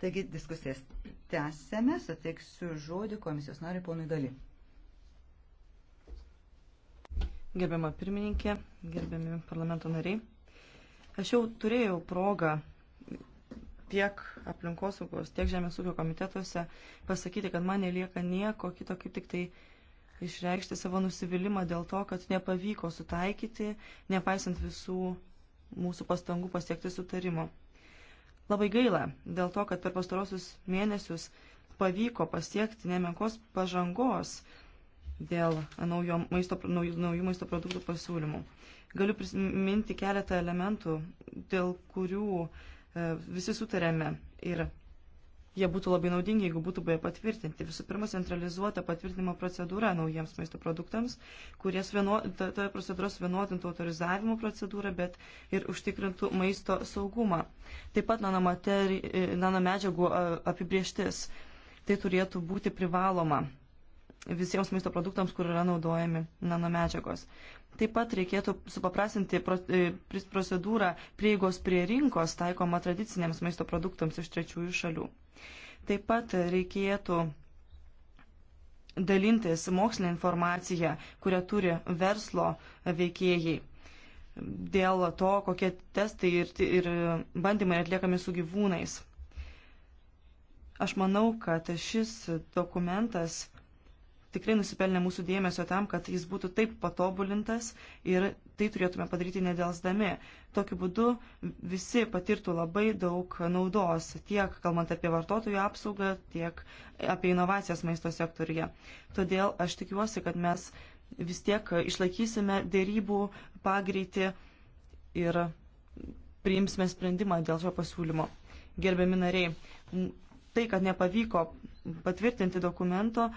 Taigi diskusijas tęsėme, suteiksiu žodį komisijos nariui ponui Dali. Gerbiama pirmininkė, gerbiami parlamento nariai, aš jau turėjau progą tiek aplinkosaugos, tiek Žemės ūkio komitetuose pasakyti, kad man nelieka nieko kito, kaip tik tai išreikšti savo nusivylimą dėl to, kad nepavyko sutaikyti, nepaisant visų mūsų pastangų pasiekti sutarimo. Labai gaila dėl to, kad per pastarosius mėnesius pavyko pasiekti nemenkos pažangos dėl naujo maisto, naujų, naujų maisto produktų pasiūlymų. Galiu prisiminti keletą elementų, dėl kurių e, visi sutarėme ir Jie būtų labai naudingi, jeigu būtų buvę patvirtinti. Visų pirma, centralizuota patvirtinimo procedūra naujiems maisto produktams, kurie vieno, ta, ta procedūros vienodintų autorizavimo procedūrą, bet ir užtikrintų maisto saugumą. Taip pat e, nanomedžiagų apibrieštis. Tai turėtų būti privaloma visiems maisto produktams, kur yra naudojami nanomedžiagos. Taip pat reikėtų supaprastinti e, procedūrą prieigos prie rinkos taikoma tradiciniams maisto produktams iš trečiųjų šalių. Taip pat reikėtų dalintis mokslinę informaciją, kurią turi verslo veikėjai. Dėl to, kokie testai ir, ir bandymai atliekami su gyvūnais. Aš manau, kad šis dokumentas tikrai nusipelnė mūsų dėmesio tam, kad jis būtų taip patobulintas ir tai turėtume padaryti nedelsdami. Tokiu būdu visi patirtų labai daug naudos, tiek kalbant apie vartotojų apsaugą, tiek apie inovacijas maisto sektorija. Todėl aš tikiuosi, kad mes vis tiek išlaikysime dėrybų pagreitį ir priimsime sprendimą dėl šio pasiūlymo. Gerbiami nariai, tai, kad nepavyko patvirtinti dokumento,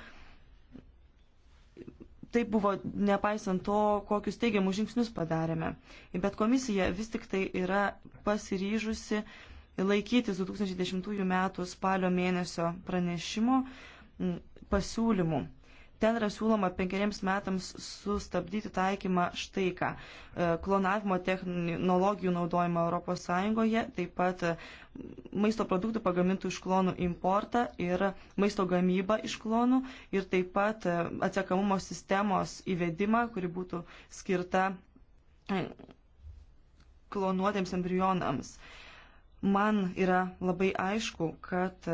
tai buvo nepaisant to, kokius teigiamus žingsnius padarėme. Bet komisija vis tik tai yra pasiryžusi laikytis 2010 m. spalio mėnesio pranešimo pasiūlymų. Ten yra siūloma penkeriems metams sustabdyti taikymą štai ką e, - klonavimo technologijų naudojimą ES, taip pat e, maisto produktų pagamintų iš klonų importą ir maisto gamybą iš klonų ir taip pat e, atsiekamumo sistemos įvedimą, kuri būtų skirta klonuotėms embrionams. Man yra labai aišku, kad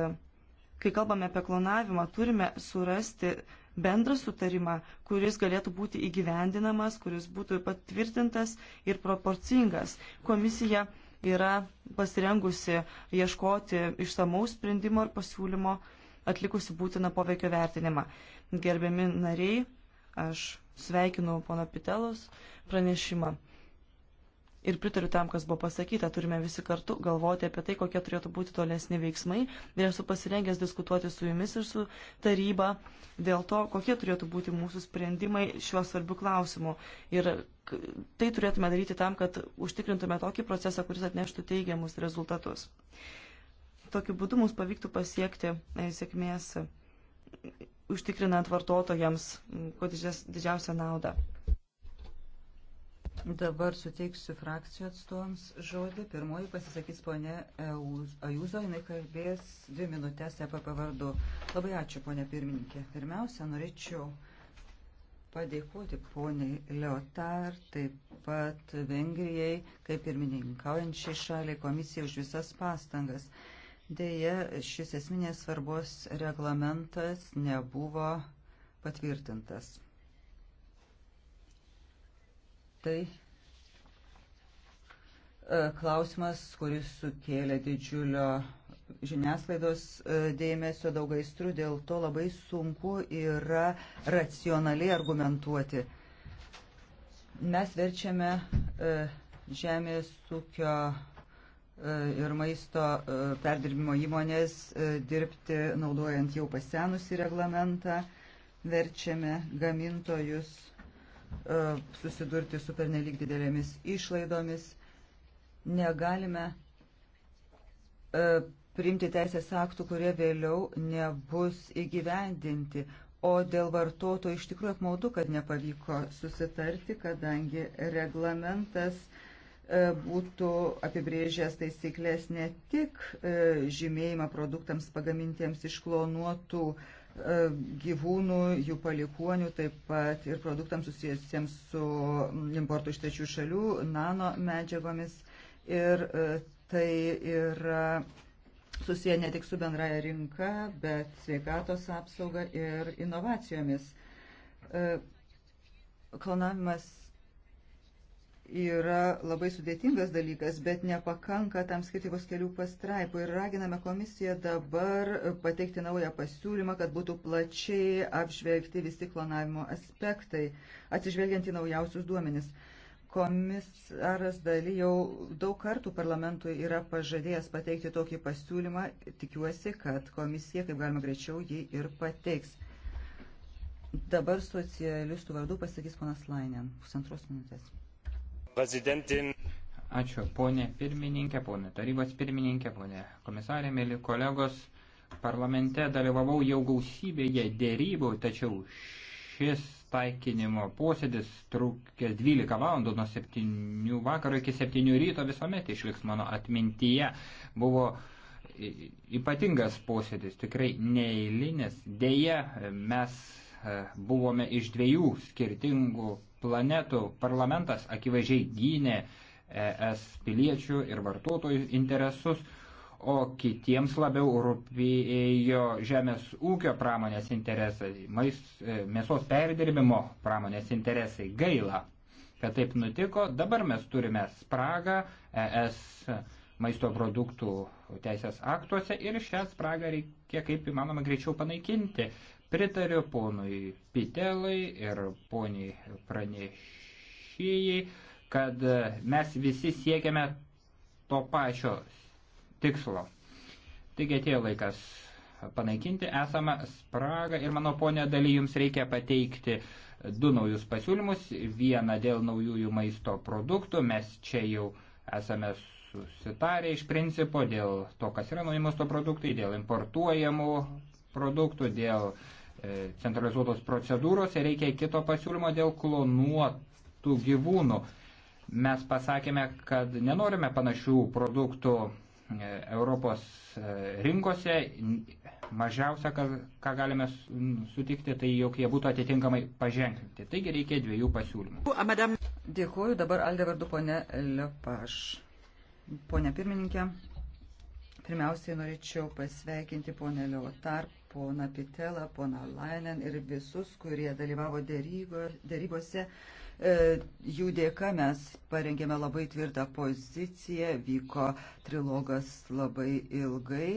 kai kalbame apie klonavimą, turime surasti bendrą sutarimą, kuris galėtų būti įgyvendinamas, kuris būtų patvirtintas ir proporcingas. Komisija yra pasirengusi ieškoti išsamaus sprendimo ir pasiūlymo atlikusi būtiną poveikio vertinimą. Gerbiami nariai, aš sveikinu pono Pitelos pranešimą ir pritariu tam, kas buvo pasakyta, turime visi kartu galvoti apie tai, kokie turėtų būti tolesni veiksmai ir esu pasirengęs diskutuoti su jumis ir su taryba dėl to, kokie turėtų būti mūsų sprendimai šiuo svarbiu klausimu. Ir tai turėtume daryti tam, kad užtikrintume tokį procesą, kuris atneštų teigiamus rezultatus. Tokiu būdu mums pavyktų pasiekti e, sėkmės, užtikrinant vartotojams kuo didžiausią naudą. Dabar suteiksiu frakcijų atstovams žodį. Pirmoji pasisakys ponė Ajuzo, jinai kalbės dvi minutės EPP vardu. Labai ačiū, ponė pirmininkė. Pirmiausia, norėčiau padėkoti poniai Leotar, taip pat Vengrijai, kaip ir mininkaujančiai šaliai komisijai už visas pastangas. Deja, šis esminės svarbos reglamentas nebuvo patvirtintas. Tai e, klausimas, kuris sukėlė didžiulio žiniasklaidos e, dėmesio daug aistrų, dėl to labai sunku yra racionaliai argumentuoti. Mes verčiame e, žemės ūkio ir maisto perdirbimo įmonės dirbti naudojant jau pasenusį reglamentą, verčiame gamintojus E, susidurti su pernelyg didelėmis išlaidomis. Negalime e, priimti teisės aktų, kurie vėliau nebus įgyvendinti. O dėl vartotojų iš tikrųjų apmaudu, kad nepavyko susitarti, kadangi reglamentas e, būtų apibrėžęs taisyklės ne tik žymėjimą produktams pagamintiems iš klonuotų uh, E, gyvūnų, jų palikonių, taip pat ir produktams susijusiems su importu iš trečių šalių, nano medžiagomis. Ir e, tai yra susiję ne tik su bendraja rinka, bet sveikatos apsauga ir inovacijomis. E, klonavimas yra labai sudėtingas dalykas, bet nepakanka tam skirtingos kelių pastraipų. Ir raginame komisiją dabar pateikti naują pasiūlymą, kad būtų plačiai apžvelgti visi klonavimo aspektai, atsižvelgiant į naujausius duomenis. Komisaras daly jau daug kartų parlamentui yra pažadėjęs pateikti tokį pasiūlymą. Tikiuosi, kad komisija kaip galima greičiau jį ir pateiks. Dabar socialistų vardu pasakys ponas Lainė. Pusantros minutės. Prezidentin. Ačiū, ponė pirmininkė, ponė tarybos pirmininkė, ponė komisarė, mėly kolegos. Parlamente dalyvavau jau gausybėje dėrybų, tačiau šis taikinimo posėdis trukęs 12 valandų nuo 7 vakaro iki 7 ryto visuomet išliks mano atmintyje. Buvo ypatingas posėdis, tikrai neeilinis. Deja, mes e, buvome iš dviejų skirtingų planetų parlamentas akivaizdžiai gynė ES piliečių ir vartotojų interesus, o kitiems labiau rūpėjo žemės ūkio pramonės interesai, mais, e, mėsos perdirbimo pramonės interesai. Gaila, kad taip nutiko. Dabar mes turime spragą ES maisto produktų teisės aktuose ir šią spragą reikia kaip įmanoma greičiau panaikinti. Pritariu ponui Pitelai ir poniai pranešėjai, kad mes visi siekiame to pačio tikslo. Taigi atėjo laikas panaikinti esamą spragą ir mano ponė daly jums reikia pateikti du naujus pasiūlymus. Vieną dėl naujųjų maisto produktų, mes čia jau esame susitarę iš principo dėl to, kas yra nauji maisto produktai, dėl importuojamų produktų, dėl uh, E, centralizuotos procedūros ir reikia kito pasiūlymo dėl klonuotų gyvūnų. Mes pasakėme, kad nenorime panašių produktų e, Europos e, rinkose. Mažiausia, ką, ką galime sutikti, tai jog jie būtų atitinkamai paženklinti. Taigi reikia dviejų pasiūlymų. Madame. Dėkuoju, dabar Aldė vardu ponė Lepaš. Pone pirmininkė, pirmiausiai norėčiau pasveikinti ponę Leotard pona Pitelą, pona Lainen ir visus, kurie dalyvavo dėrygo, dėrybose. E, jų dėka mes parengėme labai tvirtą poziciją, vyko trilogas labai ilgai.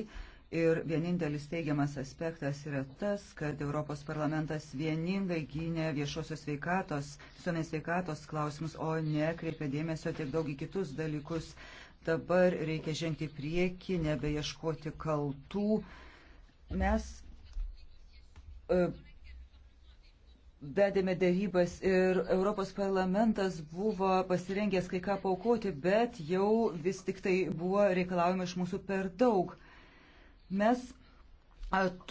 Ir vienintelis teigiamas aspektas yra tas, kad Europos parlamentas vieningai gynė viešosios veikatos, visuomenės veikatos klausimus, o ne kreipė dėmesio tiek daug į kitus dalykus. Dabar reikia žengti prieki, nebeieškoti kaltų. Mes E, vedėme dėrybas ir Europos parlamentas buvo pasirengęs kai ką paukoti, bet jau vis tik tai buvo reikalaujama iš mūsų per daug. Mes e,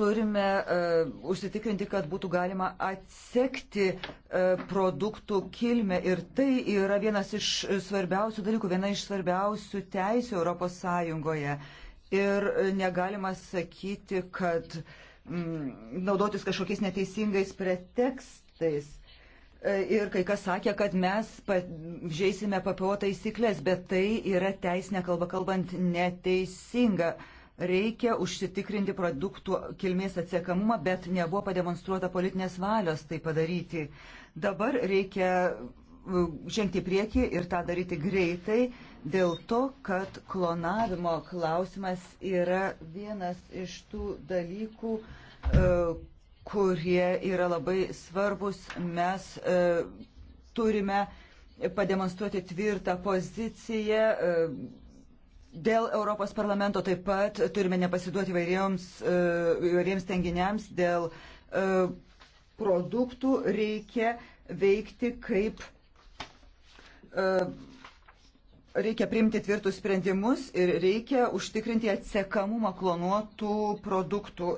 turime uh, užsitikrinti, kad būtų galima atsekti uh, produktų kilmę ir tai yra vienas iš svarbiausių dalykų, viena iš svarbiausių teisų Europos Sąjungoje. Ir negalima sakyti, kad uh, Mm, naudotis kažkokiais neteisingais pretekstais. E, ir kai kas sakė, kad mes žaisime PPO taisyklės, bet tai yra teisinė kalba kalbant neteisinga. Reikia užsitikrinti produktų kilmės atsiekamumą, bet nebuvo pademonstruota politinės valios tai padaryti. Dabar reikia e, žengti prieki ir tą daryti greitai dėl to, kad klonavimo klausimas yra vienas iš tų dalykų, e, kurie yra labai svarbus. Mes e, turime pademonstruoti tvirtą poziciją. E, dėl Europos parlamento taip pat turime nepasiduoti įvairiems tenginiams, dėl produktų reikia veikti kaip reikia priimti tvirtus sprendimus ir reikia užtikrinti atsekamumą klonuotų produktų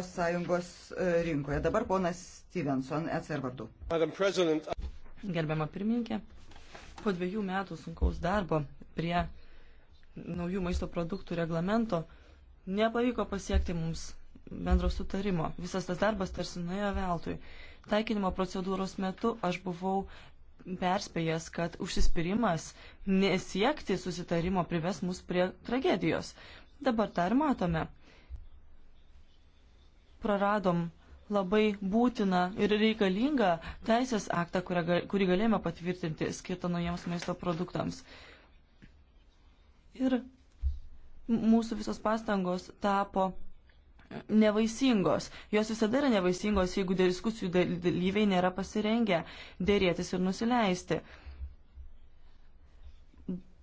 ES e, rinkoje. Dabar ponas Stevenson, ECR vardu. Gerbiama pirmininkė, po dviejų metų sunkaus darbo prie naujų maisto produktų reglamento nepavyko pasiekti mums bendro sutarimo. Visas tas darbas tarsi nuėjo veltui. Taikinimo procedūros metu aš buvau perspėjęs, kad užsispyrimas nesiekti susitarimo prives mus prie tragedijos. Dabar tą ir matome. Praradom labai būtiną ir reikalingą teisės aktą, kurį galėjome patvirtinti skirtą naujiems maisto produktams. Ir mūsų visos pastangos tapo nevaisingos. Jos visada yra nevaisingos, jeigu diskusijų dalyviai nėra pasirengę dėrėtis ir nusileisti.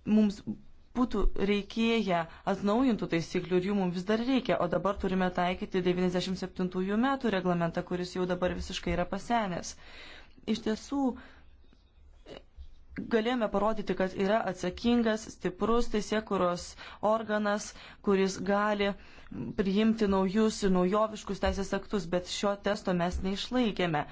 Mums būtų reikėję atnaujintų taisyklių ir jų mums vis dar reikia, o dabar turime taikyti 97 metų reglamentą, kuris jau dabar visiškai yra pasenęs. Iš tiesų, galėjome parodyti, kad yra atsakingas, stiprus teisėkuros organas, kuris gali priimti naujus, naujoviškus teisės aktus, bet šio testo mes neišlaikėme.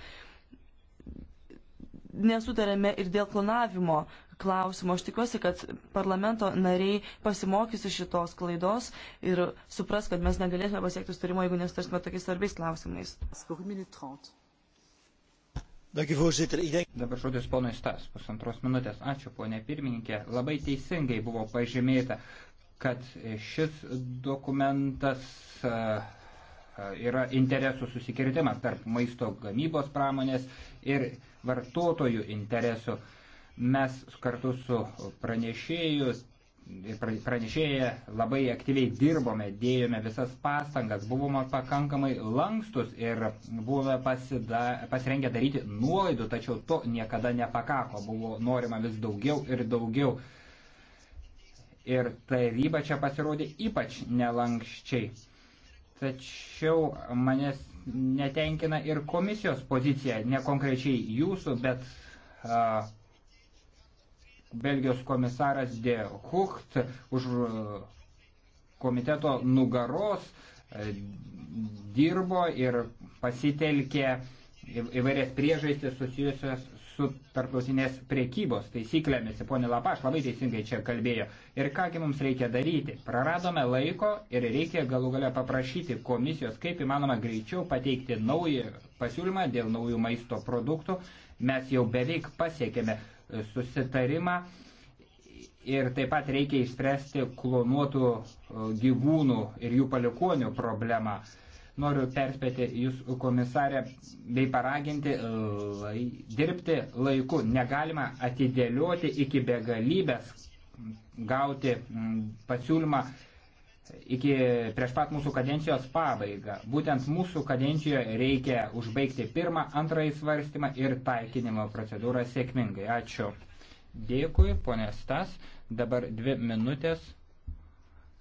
Nesutarėme ir dėl klonavimo klausimo. Aš tikiuosi, kad parlamento nariai pasimokys iš šitos klaidos ir supras, kad mes negalėsime pasiekti sutarimo, jeigu nesutarsime tokiais svarbiais klausimais. Dabar žodis ponui Stas, pusantros minutės. Ačiū, ponė pirmininkė. Labai teisingai buvo pažymėta, kad šis dokumentas e, e, yra interesų susikirtimas tarp maisto gamybos pramonės ir vartotojų interesų. Mes kartu su pranešėjus ir pranešėję labai aktyviai dirbome, dėjome visas pastangas, buvome pakankamai lankstus ir buvome pasida, pasirengę daryti nuolaidų, tačiau to niekada nepakako, buvo norima vis daugiau ir daugiau. Ir taryba čia pasirodė ypač nelankščiai. Tačiau manęs netenkina ir komisijos pozicija, ne konkrečiai jūsų, bet uh, Belgijos komisaras De Hucht už e, komiteto nugaros e, dirbo ir pasitelkė įvairias priežastis susijusios su tarptautinės priekybos taisyklėmis. Pone Lapaš labai teisingai čia kalbėjo. Ir kągi mums reikia daryti? Praradome laiko ir reikia galų gale paprašyti komisijos, kaip įmanoma greičiau pateikti naują pasiūlymą dėl naujų maisto produktų. Mes jau beveik pasiekėme susitarimą ir taip pat reikia išspręsti klonuotų e, gyvūnų ir jų palikonių problemą. Noriu perspėti jūs, komisarė, bei paraginti e, lai, dirbti laiku. Negalima atidėlioti iki begalybės gauti pasiūlymą iki prieš pat mūsų kadencijos pabaigą. Būtent mūsų kadencijoje reikia užbaigti pirmą, antrąjį svarstymą ir taikinimo procedūrą sėkmingai. Ačiū. Dėkui, ponė Stas. Dabar dvi minutės.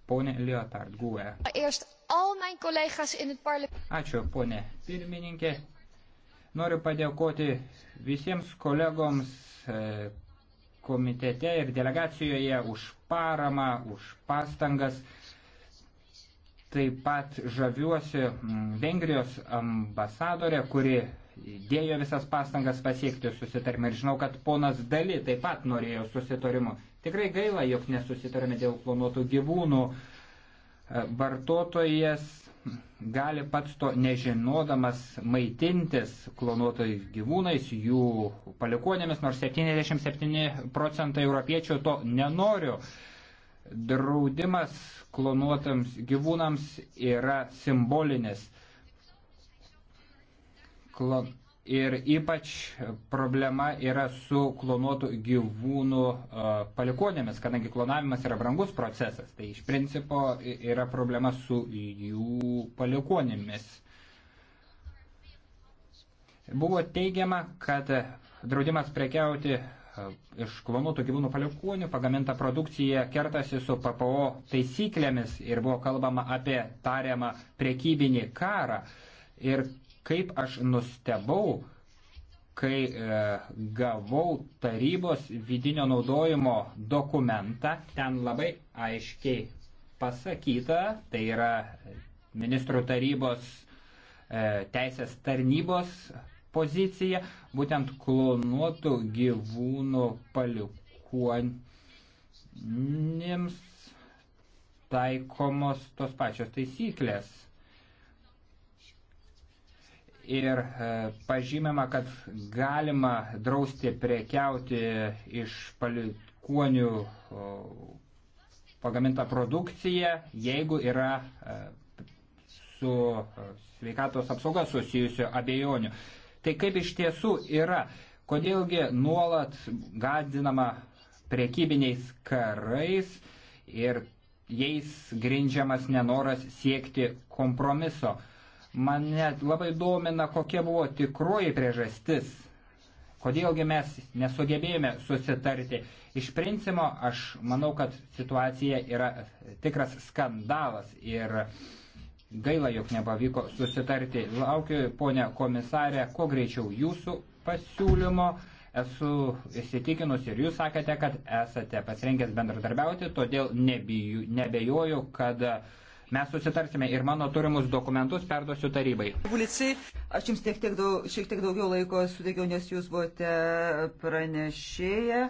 Pone Leopard, GUE. Ačiū, ponė pirmininkė. Noriu padėkoti visiems kolegoms e, komitete ir delegacijoje už paramą, už pastangas. Taip pat žaviuosi mm, Vengrijos ambasadorė, kuri dėjo visas pastangas pasiekti susitarimą ir žinau, kad ponas Dali taip pat norėjo susitarimo. Tikrai gaila, jog nesusitarėme dėl klonuotų gyvūnų. E, vartotojas gali pats to nežinodamas maitintis klonuotojais gyvūnais, jų palikuonėmis, nors 77 procentai europiečių to nenoriu. Draudimas klonuotams gyvūnams yra simbolinis. Klon... Ir ypač problema yra su klonuotų gyvūnų palikonėmis, kadangi klonavimas yra brangus procesas, tai iš principo yra problema su jų palikonėmis. Buvo teigiama, kad draudimas prekiauti iš klonuotų gyvūnų palikūnių pagaminta produkcija kertasi su PPO taisyklėmis ir buvo kalbama apie tariamą priekybinį karą. Ir kaip aš nustebau, kai e, gavau tarybos vidinio naudojimo dokumentą, ten labai aiškiai pasakyta, tai yra ministrų tarybos e, teisės tarnybos poziciją, būtent klonuotų gyvūnų palikuonims taikomos tos pačios taisyklės. Ir e, pažymima, kad galima drausti prekiauti iš palikuonių o, pagamintą produkciją, jeigu yra e, su e, sveikatos apsauga susijusių abejonių. E, Tai kaip iš tiesų yra, kodėlgi nuolat gadinama prekybiniais karais ir jais grindžiamas nenoras siekti kompromiso. Mane labai domina, kokia buvo tikroji priežastis, kodėlgi mes nesugebėjome susitarti. Iš principo, aš manau, kad situacija yra tikras skandalas ir uh, Gaila, jog nepavyko susitarti. Laukiu, ponia komisarė, kuo greičiau jūsų pasiūlymo. Esu įsitikinus ir jūs sakėte, kad esate pasirengęs bendradarbiauti, todėl nebiju, nebejoju, kad mes susitarsime ir mano turimus dokumentus perduosiu tarybai. Aš jums tiek, tiek daug, šiek tiek daugiau laiko sudėgiau, nes jūs buvote pranešėję.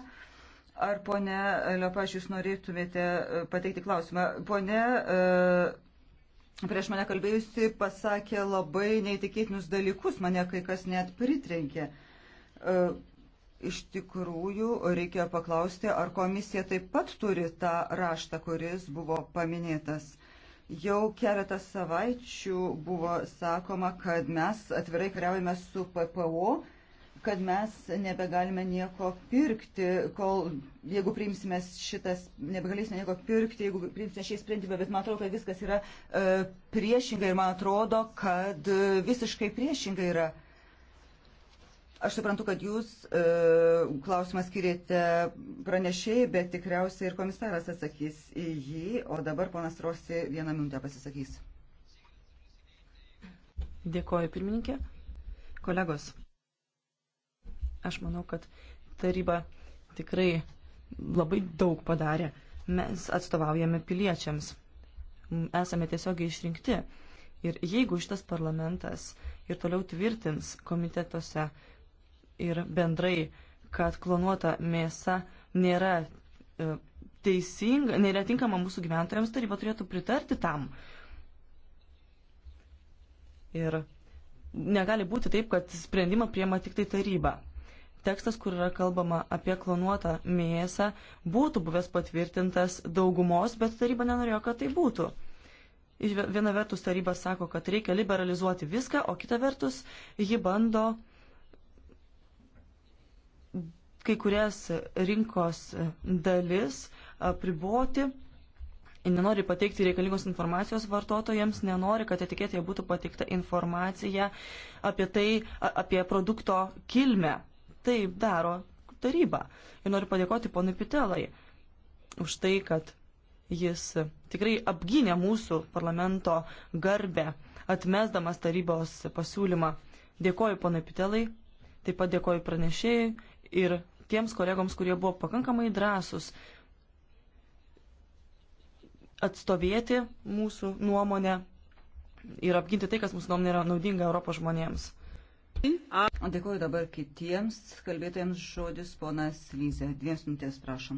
Ar ponė Lepaš, jūs norėtumėte pateikti klausimą? Ponė. Uh, prieš mane kalbėjusi pasakė labai neįtikėtinus dalykus, mane kai kas net pritrenkė. E, iš tikrųjų, reikia paklausti, ar komisija taip pat turi tą raštą, kuris buvo paminėtas. Jau keletą savaičių buvo sakoma, kad mes atvirai kariaujame su PPO kad mes nebegalime nieko pirkti, kol, jeigu priimsime šitas, nebegalėsime nieko pirkti, jeigu priimsime šį sprendimą, bet man atrodo, kad viskas yra e, priešingai ir man atrodo, kad e, visiškai priešingai yra. Aš suprantu, kad jūs e, klausimą skirėte pranešėjai, bet tikriausiai ir komisaras atsakys į jį, o dabar ponas Rosi vieną minutę pasisakys. Dėkoju pirmininkė. Kolegos, Aš manau, kad taryba tikrai labai daug padarė. Mes atstovaujame piliečiams. Esame tiesiogiai išrinkti. Ir jeigu šitas parlamentas ir toliau tvirtins komitetuose ir bendrai, kad klonuota mėsa nėra e, teisinga, nėra tinkama mūsų gyventojams, taryba turėtų pritarti tam. Ir negali būti taip, kad sprendimą priema tik tai taryba tekstas, kur yra kalbama apie klonuotą mėsą, būtų buvęs patvirtintas daugumos, bet taryba nenorėjo, kad tai būtų. Viena vertus taryba sako, kad reikia liberalizuoti viską, o kita vertus ji bando kai kurias rinkos dalis apriboti nenori pateikti reikalingos informacijos vartotojams, nenori, kad etiketėje būtų pateikta informacija apie tai, apie produkto kilmę taip daro taryba. Ir noriu padėkoti ponui Pitelai už tai, kad jis tikrai apgynė mūsų parlamento garbę, atmesdamas tarybos pasiūlymą. Dėkoju ponui Pitelai, taip pat dėkoju pranešėjai ir tiems kolegoms, kurie buvo pakankamai drąsus atstovėti mūsų nuomonę ir apginti tai, kas mūsų nuomonė yra naudinga Europos žmonėms. Dėkuoju dabar kitiems kalbėtojams žodis ponas Lyze. Dviems minutės prašom.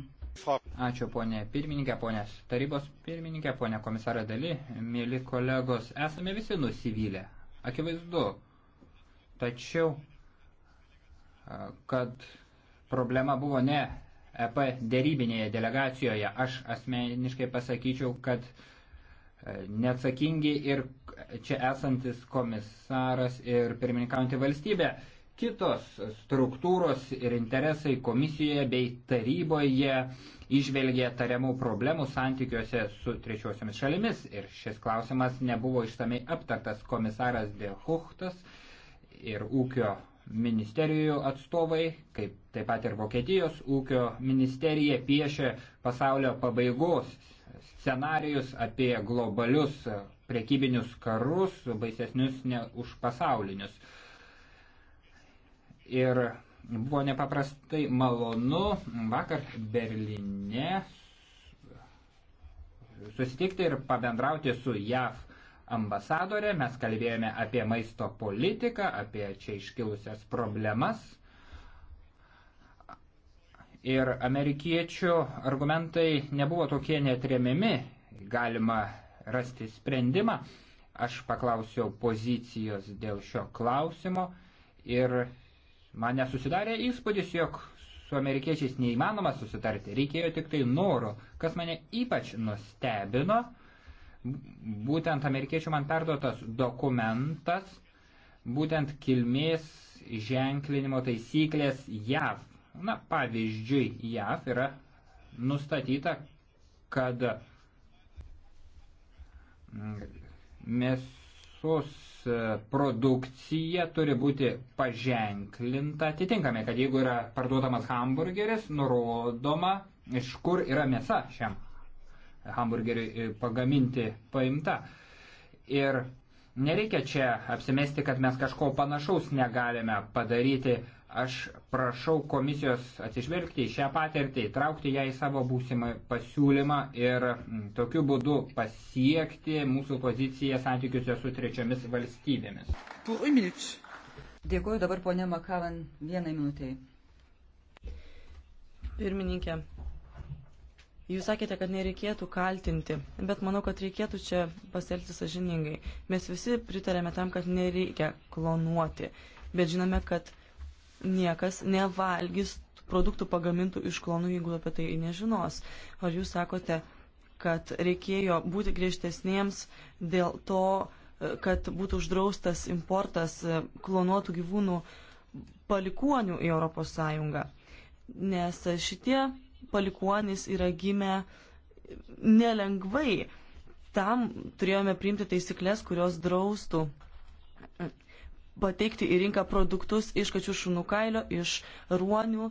Ačiū ponė pirmininkė, ponė tarybos pirmininkė, ponė komisarė Dali, mėly kolegos, esame visi nusivylę, akivaizdu. Tačiau, kad problema buvo ne EP dėrybinėje delegacijoje, aš asmeniškai pasakyčiau, kad uh, E, neatsakingi ir čia esantis komisaras ir pirmininkaujantį valstybę. Kitos struktūros ir interesai komisijoje bei taryboje išvelgė tariamų problemų santykiuose su trečiosiomis šalimis ir šis klausimas nebuvo išsamei aptartas komisaras Dehuchtas ir ūkio ministerijų atstovai, kaip taip pat ir Vokietijos ūkio ministerija piešia pasaulio pabaigos scenarius, apie globalius prekybinius karus, baisesnius ne už pasaulinius. Ir buvo nepaprastai malonu vakar Berlyne susitikti ir pabendrauti su JAV ambasadorė. Mes kalbėjome apie maisto politiką, apie čia iškilusias problemas ir amerikiečių argumentai nebuvo tokie netremiami, galima rasti sprendimą. Aš paklausiau pozicijos dėl šio klausimo ir man nesusidarė įspūdis, jog su amerikiečiais neįmanoma susitarti, reikėjo tik tai noro. Kas mane ypač nustebino, būtent amerikiečių man perduotas dokumentas, būtent kilmės ženklinimo taisyklės JAV Na, pavyzdžiui, JAV yra nustatyta, kad mėsos produkcija turi būti paženklinta atitinkamai, kad jeigu yra parduodamas hamburgeris, nurodoma, iš kur yra mėsa šiam hamburgeriui pagaminti paimta. Ir nereikia čia apsimesti, kad mes kažko panašaus negalime padaryti Aš prašau komisijos atsižvelgti į šią patirtį, įtraukti ją į savo būsimą pasiūlymą ir mm, tokiu būdu pasiekti mūsų poziciją santykiuose su trečiomis valstybėmis. Dėkuoju dabar ponė Makavan vienai minutiai. Pirmininkė, jūs sakėte, kad nereikėtų kaltinti, bet manau, kad reikėtų čia pasielgti sažiningai. Mes visi pritarėme tam, kad nereikia klonuoti, bet žinome, kad niekas nevalgys produktų pagamintų iš klonų, jeigu apie tai nežinos. Ar jūs sakote, kad reikėjo būti griežtesniems dėl to, kad būtų uždraustas importas e, klonuotų gyvūnų palikuonių į ES? Nes šitie palikuonys yra gimę nelengvai. Tam turėjome priimti taisyklės, kurios draustų pateikti į rinką produktus iš kačių šunų kailio, iš ruonių,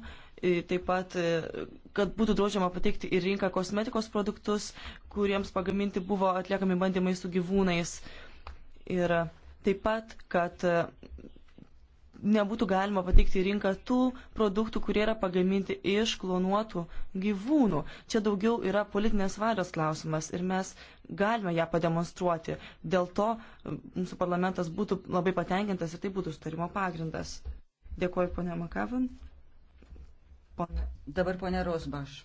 taip pat, e, kad būtų draudžiama pateikti į rinką kosmetikos produktus, kuriems pagaminti buvo atliekami bandymai su gyvūnais. Ir taip pat, kad nebūtų galima pateikti į rinką tų produktų, kurie yra pagaminti iš klonuotų gyvūnų. Čia daugiau yra politinės valios klausimas ir mes galime ją pademonstruoti. Dėl to mūsų parlamentas būtų labai patenkintas ir tai būtų sutarimo pagrindas. Dėkuoju, ponia Makavin. Pone. Dabar ponia Rosbaš.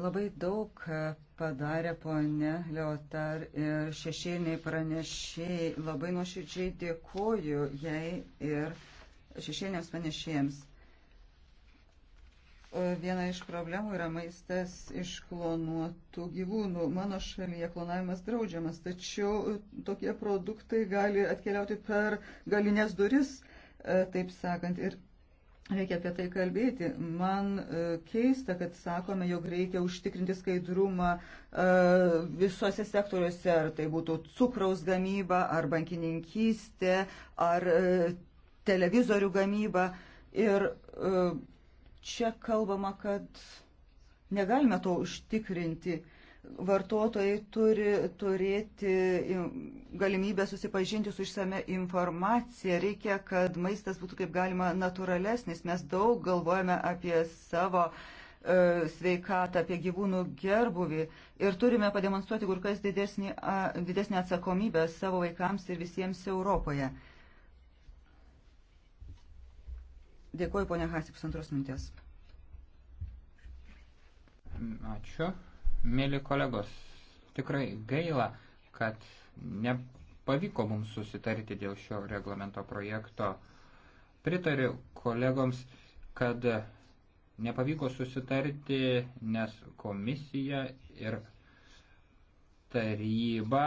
Labai daug e, padarė ponė Leotar ir šešėliniai pranešėjai. Labai nuoširdžiai dėkoju jai ir šešėliniams pranešėjams. E, viena iš problemų yra maistas iš klonuotų gyvūnų. Mano šalyje klonavimas draudžiamas, tačiau e, tokie produktai gali atkeliauti per galinės duris, taip sakant. Ir Reikia apie tai kalbėti. Man e, keista, kad sakome, jog reikia užtikrinti skaidrumą e, visose sektoriuose, ar tai būtų cukraus gamyba, ar bankininkystė, ar e, televizorių gamyba. Ir čia kalbama, kad negalime to užtikrinti. Vartotojai turi turėti galimybę susipažinti su išsame informacija. Reikia, kad maistas būtų kaip galima natūralesnis. Mes daug galvojame apie savo e, sveikatą, apie gyvūnų gerbuvį ir turime pademonstruoti kur kas didesnį, a, didesnį atsakomybę savo vaikams ir visiems Europoje. Dėkuoju, ponia Hasi, pusantros minutės. Ačiū. Mėly kolegos, tikrai gaila, kad nepavyko mums susitarti dėl šio reglamento projekto. Pritariu kolegoms, kad nepavyko susitarti, nes komisija ir taryba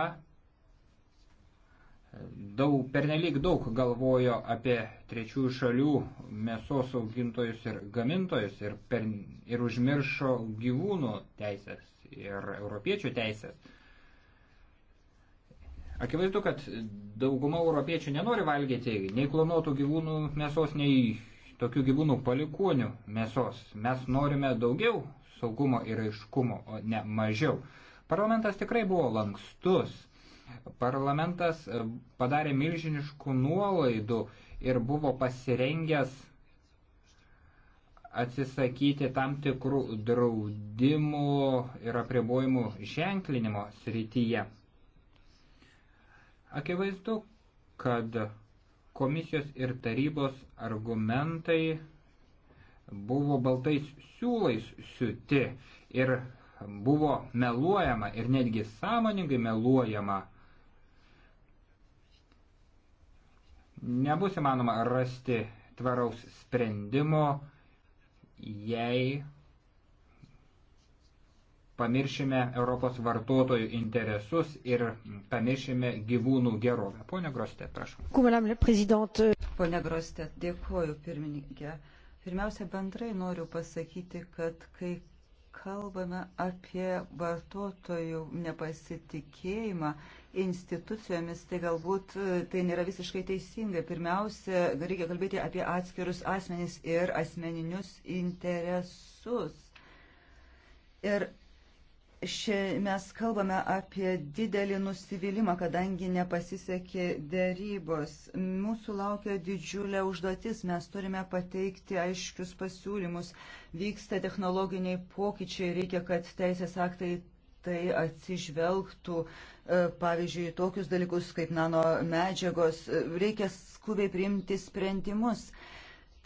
daug, pernelyg daug galvojo apie trečiųjų šalių mėsos augintojus ir gamintojus ir, per, ir užmiršo gyvūnų teisės ir europiečių teisės. Akivaizdu, kad dauguma europiečių nenori valgyti nei klonotų gyvūnų mėsos, nei tokių gyvūnų palikonių mėsos. Mes norime daugiau saugumo ir aiškumo, o ne mažiau. Parlamentas tikrai buvo lankstus. Parlamentas e, padarė milžiniškų nuolaidų ir buvo pasirengęs atsisakyti tam tikrų draudimų ir apribojimų ženklinimo srityje. Akivaizdu, kad komisijos ir tarybos argumentai buvo baltais siūlais siūti ir buvo meluojama ir netgi sąmoningai meluojama. Nebus įmanoma rasti tvaraus sprendimo, jei pamiršime Europos vartotojų interesus ir pamiršime gyvūnų gerovę. Pone Grostė, prašau. Pone Grostė, dėkuoju pirmininkė. Pirmiausia, bendrai noriu pasakyti, kad kai kalbame apie vartotojų nepasitikėjimą, institucijomis, tai galbūt e, tai nėra visiškai teisinga. Pirmiausia, reikia kalbėti apie atskirus asmenys ir asmeninius interesus. Ir šia, mes kalbame apie didelį nusivylimą, kadangi nepasisekė dėrybos. Mūsų laukia didžiulė užduotis, mes turime pateikti aiškius pasiūlymus. Vyksta technologiniai pokyčiai, reikia, kad teisės aktai tai atsižvelgtų, e, pavyzdžiui, tokius dalykus kaip nano medžiagos, e, reikia skubiai priimti sprendimus.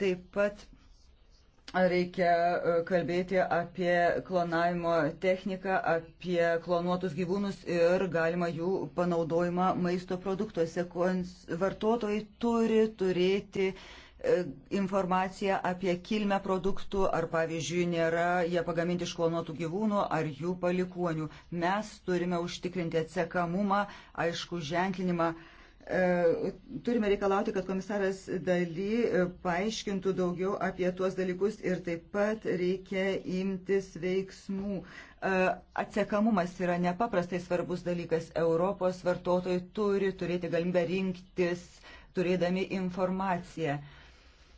Taip pat reikia e, kalbėti apie klonavimo techniką, apie klonuotus gyvūnus ir galima jų panaudojimą maisto produktuose. Vartotojai turi turėti E, informacija apie kilmę produktų, ar pavyzdžiui nėra jie pagaminti iš klonuotų gyvūnų ar jų palikuonių. Mes turime užtikrinti atsekamumą, aišku, ženklinimą. E, turime reikalauti, kad komisaras daly e, paaiškintų daugiau apie tuos dalykus ir taip pat reikia imtis veiksmų. Atsekamumas yra nepaprastai svarbus dalykas. Europos vartotojai turi turėti galimybę rinktis turėdami informaciją. Uh,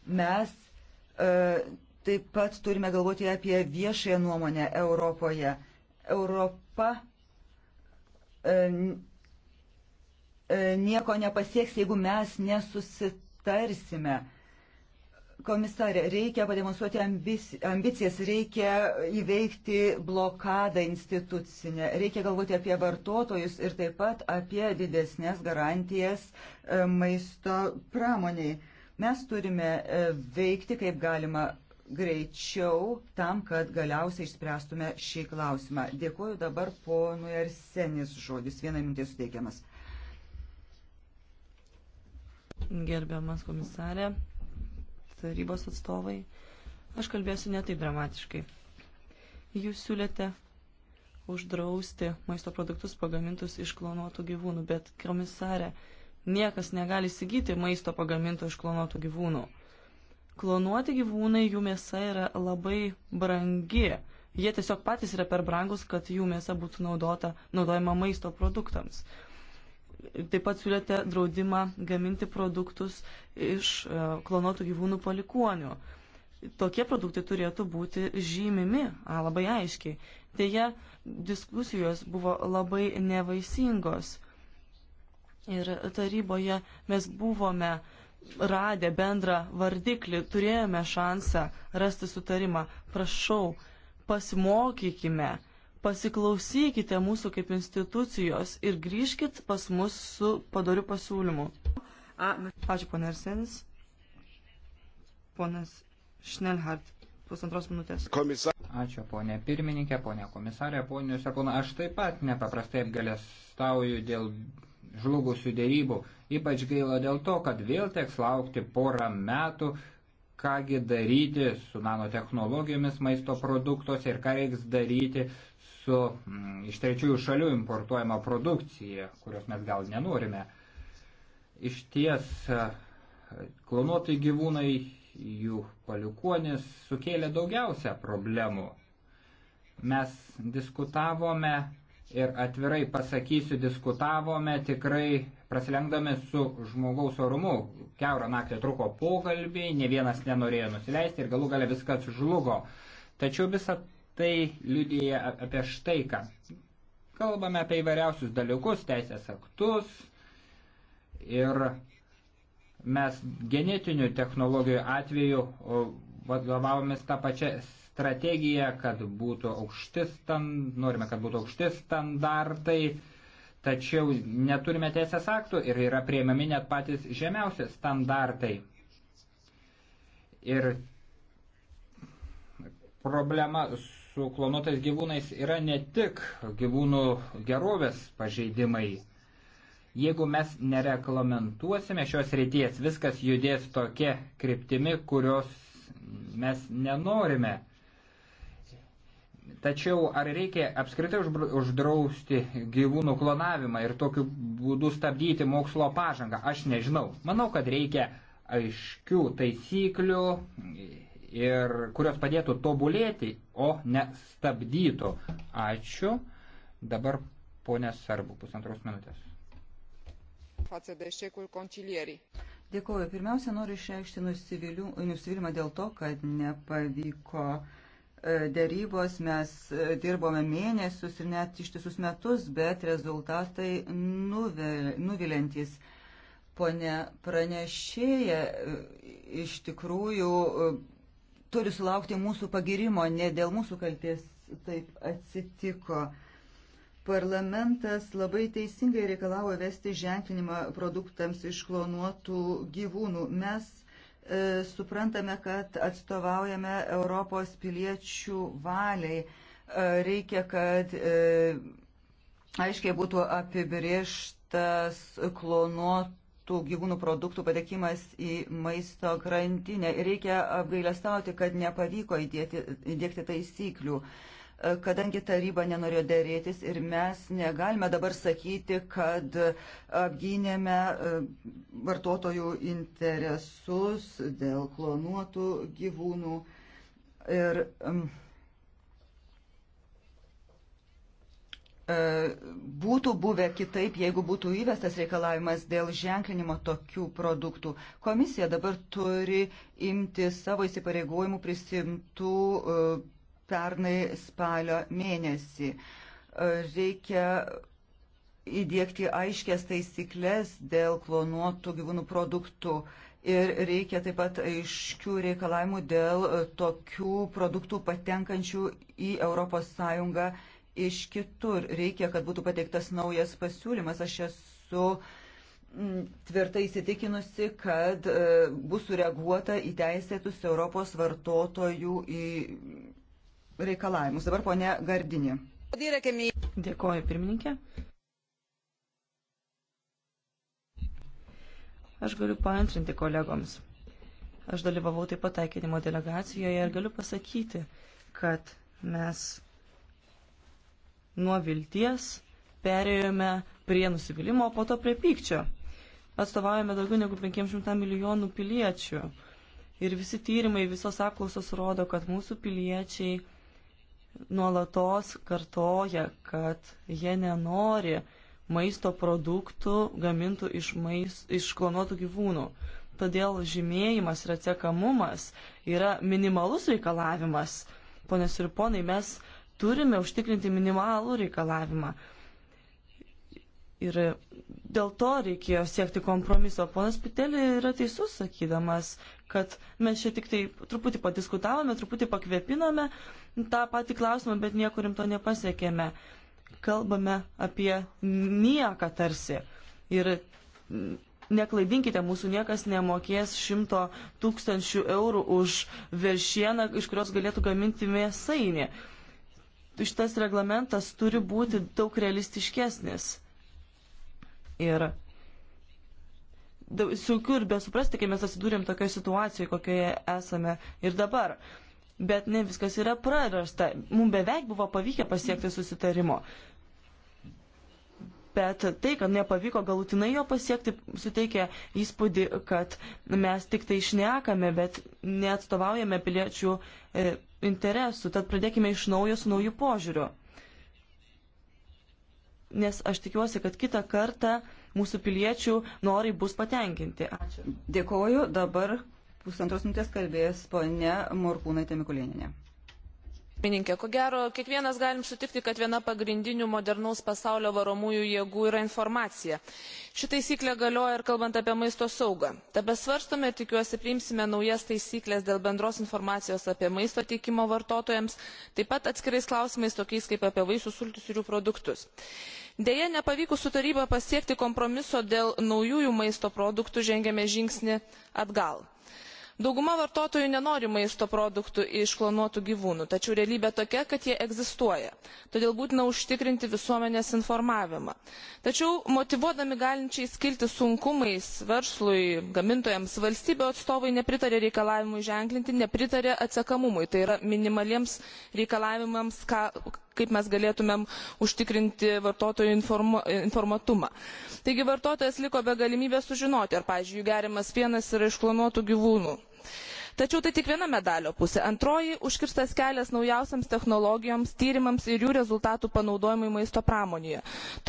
mes e, taip pat turime galvoti apie viešąją nuomonę Europoje. Europa e, e, nieko nepasieks, jeigu mes nesusitarsime. Komisarė, reikia pademonstruoti ambicijas, reikia įveikti blokadą institucinę, reikia galvoti apie vartotojus ir taip pat apie didesnės garantijas maisto pramoniai Mes turime e, veikti kaip galima greičiau tam, kad galiausiai išspręstume šį klausimą. Dėkuoju dabar ponui Arsenis žodis. Vieną minutę suteikiamas. Gerbiamas komisarė, tarybos atstovai, aš kalbėsiu netaip dramatiškai. Jūs siūlėte uždrausti maisto produktus pagamintus iš klonuotų gyvūnų, bet komisarė, Niekas negali įsigyti maisto pagaminto iš klonuotų gyvūnų. Klonuoti gyvūnai, jų mėsa yra labai brangi. Jie tiesiog patys yra per brangus, kad jų mėsa būtų naudota, naudojama maisto produktams. Taip pat siūlėte draudimą gaminti produktus iš e, klonuotų gyvūnų palikuonių tokie produktai turėtų būti žymimi a, labai aiškiai. Deja, diskusijos buvo labai nevaisingos. Ir taryboje mes buvome radę bendrą vardiklį, turėjome šansą rasti sutarimą. Prašau, pasimokykime, pasiklausykite mūsų kaip institucijos ir grįžkit pas mus su padariu pasiūlymu. Ačiū, ponė Arsenis. Ponas Šnelhart, pusantros minutės. Komisar. Ačiū, ponė pirmininkė, ponė komisarė, ponius ir ponai. Aš taip pat nepaprastai apgalės stauju dėl žlugusių dėrybų. Ypač gaila dėl to, kad vėl teks laukti porą metų, kągi daryti su nanotehnologijomis maisto produktuose ir ką reiks daryti su mm, iš trečiųjų šalių importuojama produkcija, kurios mes gal nenorime. Iš ties e, klonuotai gyvūnai, jų palikuonis sukėlė daugiausia problemų. Mes diskutavome ir atvirai pasakysiu, diskutavome tikrai prasilenkdami su žmogaus orumu. Keurą naktį truko pokalbiai, ne vienas nenorėjo nusileisti ir galų gale viskas žlugo. Tačiau visa tai liudija apie štai ką. Kalbame apie įvairiausius dalykus, teisės aktus ir mes genetinių technologijų atveju vadovavomės tą pačią strategiją, kad būtų aukšti, stand, norime, kad būtų aukšti standartai, tačiau neturime teisės aktų ir yra prieimami net patys žemiausi standartai. Ir problema su klonuotais gyvūnais yra ne tik gyvūnų gerovės pažeidimai. Jeigu mes nereglamentuosime šios ryties, viskas judės tokia kryptimi, kurios mes nenorime. Tačiau ar reikia apskritai uždrausti gyvūnų klonavimą ir tokiu būdu stabdyti mokslo pažangą? Aš nežinau. Manau, kad reikia aiškių taisyklių, ir, kurios padėtų tobulėti, o ne stabdytų. Ačiū. Dabar ponė Sarbu, pusantros minutės. Dėkuoju. Pirmiausia, noriu išreikšti nusivylimą dėl to, kad nepavyko uh, E, dėrybos, mes e, dirbome mėnesius ir net ištisus metus, bet rezultatai nuvilintys. Pone pranešėja e, iš tikrųjų turi sulaukti mūsų pagirimo, ne dėl mūsų kalties taip atsitiko. Parlamentas labai teisingai reikalavo vesti ženklinimą produktams iš klonuotų gyvūnų. Mes E, suprantame, kad atstovaujame Europos piliečių valiai. E, reikia, kad e, aiškiai būtų apibrieštas klonuotų gyvūnų produktų patekimas į maisto grandinę. Reikia apgailestauti, kad nepavyko įdėti, įdėkti taisyklių. Uh, kadangi taryba nenorėjo dėrėtis ir mes negalime dabar sakyti, kad apgynėme e, vartotojų interesus dėl klonuotų gyvūnų. Ir, e, Būtų buvę kitaip, jeigu būtų įvestas reikalavimas dėl ženklinimo tokių produktų. Komisija dabar turi imti savo įsipareigojimų prisimtų uh, pernai spalio mėnesį. E, reikia įdėkti aiškias taisyklės dėl klonuotų gyvūnų produktų ir reikia taip pat aiškių reikalavimų dėl tokių produktų patenkančių į ES iš kitur. Reikia, kad būtų pateiktas naujas pasiūlymas. Aš esu mm, tvirtai įsitikinusi, kad e, bus sureaguota į teisėtus Europos vartotojų į reikalavimus. Dabar ponė Gardinė. Dėkoju, pirmininkė. Aš galiu paantrinti kolegoms. Aš dalyvavau taip pat taikinimo delegacijoje ir galiu pasakyti, kad mes nuo vilties perėjome prie nusivylimų, o po to prie pykčio. Atstovaujame daugiau negu 500 milijonų piliečių. Ir visi tyrimai, visos apklausos rodo, kad mūsų piliečiai nuolatos kartoja, kad jie nenori maisto produktų gamintų iš, mais, iš klonuotų gyvūnų. Todėl žymėjimas ir atsiekamumas yra minimalus reikalavimas. Ponios ir ponai, mes turime užtikrinti minimalų reikalavimą. Ir dėl to reikėjo siekti kompromiso. Ponas Pitelė yra teisus sakydamas, kad mes čia tik tai truputį padiskutavome, truputį pakvėpinome tą patį klausimą, bet niekur rimto nepasiekėme. Kalbame apie nieką tarsi. Ir neklaidinkite, mūsų niekas nemokės šimto tūkstančių eurų už viršieną, iš kurios galėtų gaminti mėsainį. Šitas reglamentas turi būti daug realistiškesnis. Ir sunku ir besuprasti, kai mes atsidūrėm tokioje situacijoje, kokioje esame ir dabar. Bet ne viskas yra prarasta. Mums beveik buvo pavykę pasiekti susitarimo. Bet tai, kad nepavyko galutinai jo pasiekti, suteikia įspūdį, kad mes tik tai išnekame, bet neatstovaujame piliečių e, interesų. Tad pradėkime iš naujo su naujų požiūriu nes aš tikiuosi, kad kitą kartą mūsų piliečių norai bus patenkinti. Ačiū. Dėkoju. Dabar pusantros minutės kalbės ponia Morkūnaitė Mikulėninė pirmininke ko gero kiekvienas galime sutikti kad viena pagrindinių modernaus pasaulio varomųjų jėgų yra informacija. ši taisyklė galioja ir kalbant apie maisto saugą. tebesvarstome ir tikiuosi priimsime naujas taisykles dėl bendros informacijos apie maisto teikimą vartotojams taip pat atskirais klausimais tokiais kaip apie vaisių sultis ir jų produktus. deja nepavykus su taryba pasiekti kompromiso dėl naujųjų maisto produktų žengėme žingsnį atgal dauguma vartotojų nenori maisto produktų iš klonuotų gyvūnų tačiau realybė tokia kad jie egzistuoja todėl būtina užtikrinti visuomenės informavimą. tačiau motyvuodami galinčiais kilti sunkumais verslui gamintojams valstybių atstovai nepritaria reikalavimui ženklinti nepritaria atsekamumui tai yra minimaliems reikalavimams ką kaip mes galėtumėm užtikrinti vartotojų informu, informatumą. Taigi vartotojas liko be galimybės sužinoti, ar, pavyzdžiui, jų geriamas pienas yra iš klonuotų gyvūnų tačiau tai tik viena medalio pusė antroji užkirstas kelias naujausioms technologijoms tyrimams ir jų rezultatų panaudojimui maisto pramonėje.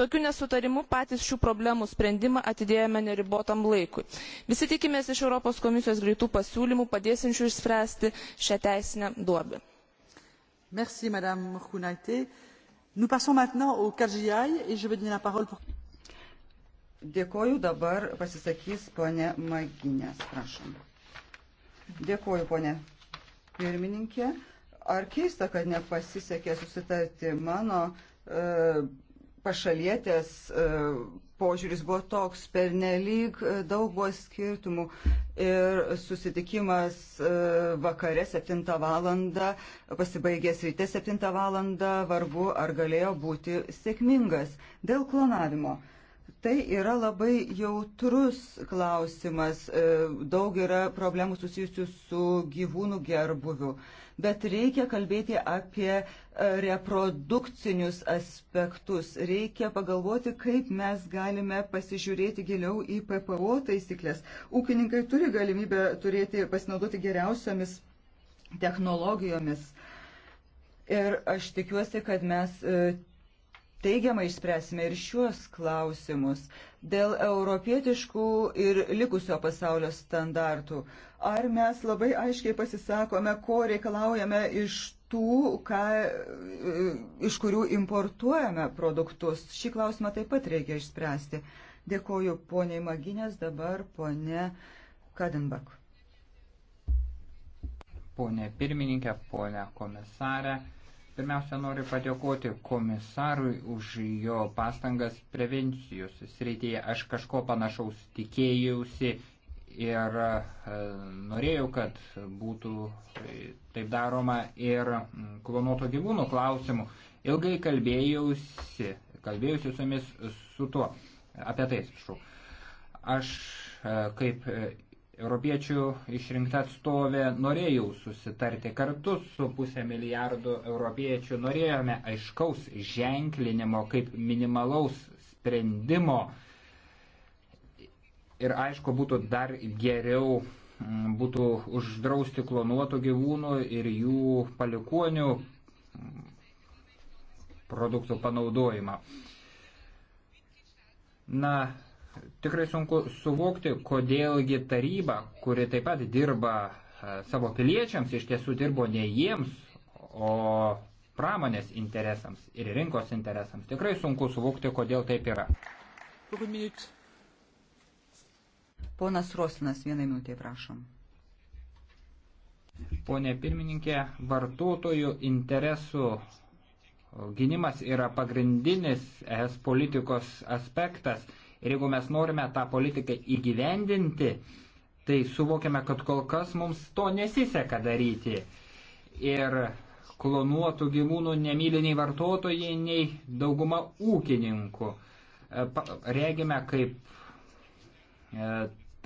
tokiu nesutarimu patys šių problemų sprendimą atidėjome neribotam laikui. visi tikimės iš europos komisijos greitų pasiūlymų padėsiančių išspręsti šią teisinę duobę. Merci, Madame Rounaité. Nous passons maintenant au KGI et je vais donner la parole pour. Dėkoju, dabar pasisakys ponė Maginės, prašom. Dėkuoju, ponė pirmininkė. Ar keista, kad nepasisekė susitarti mano e, pašalietės e, požiūris buvo toks, pernelyg e, daug buvo skirtumų ir susitikimas e, vakare 7 valandą, pasibaigęs ryte 7 valandą, vargu ar galėjo būti sėkmingas dėl klonavimo. Tai yra labai jautrus klausimas, e, daug yra problemų susijusių su gyvūnų gerbuviu, bet reikia kalbėti apie e, reprodukcinius aspektus, reikia pagalvoti, kaip mes galime pasižiūrėti giliau į PPO taisyklės. Ūkininkai turi galimybę turėti, pasinaudoti geriausiamis technologijomis. Ir aš tikiuosi, kad mes e, teigiamai išspręsime ir šiuos klausimus dėl europietiškų ir likusio pasaulio standartų. Ar mes labai aiškiai pasisakome, ko reikalaujame iš tų, ką, e, iš kurių importuojame produktus? Šį klausimą taip pat reikia išspręsti. Dėkoju poniai Maginės, dabar ponė Kadenbak. Pone pirmininkė, ponė komisarė. Pirmiausia, noriu padėkoti komisarui už jo pastangas prevencijos srityje. Aš kažko panašaus tikėjausi ir e, norėjau, kad būtų taip daroma ir klonuoto gyvūnų klausimų. Ilgai kalbėjausi, kalbėjausi su jumis su tuo, apie tai, atsiprašau. Aš e, kaip europiečių išrinkta atstovė, norėjau susitarti kartu su pusę milijardų europiečių, norėjome aiškaus ženklinimo kaip minimalaus sprendimo. Ir aišku, būtų dar geriau mm, būtų uždrausti klonuotų gyvūnų ir jų palikonių mm, produktų panaudojimą. Na, tikrai sunku suvokti, kodėlgi taryba, kuri taip pat dirba e, savo piliečiams, iš tiesų dirbo ne jiems, o pramonės interesams ir rinkos interesams. Tikrai sunku suvokti, kodėl taip yra. Ponas Rosinas, vienai minutė, prašom. Pone pirmininkė, vartotojų interesų gynimas yra pagrindinis es politikos aspektas Ir jeigu mes norime tą politiką įgyvendinti, tai suvokiame, kad kol kas mums to nesiseka daryti. Ir klonuotų gyvūnų nemyli nei vartotojai, nei dauguma ūkininkų. E, regime, kaip e,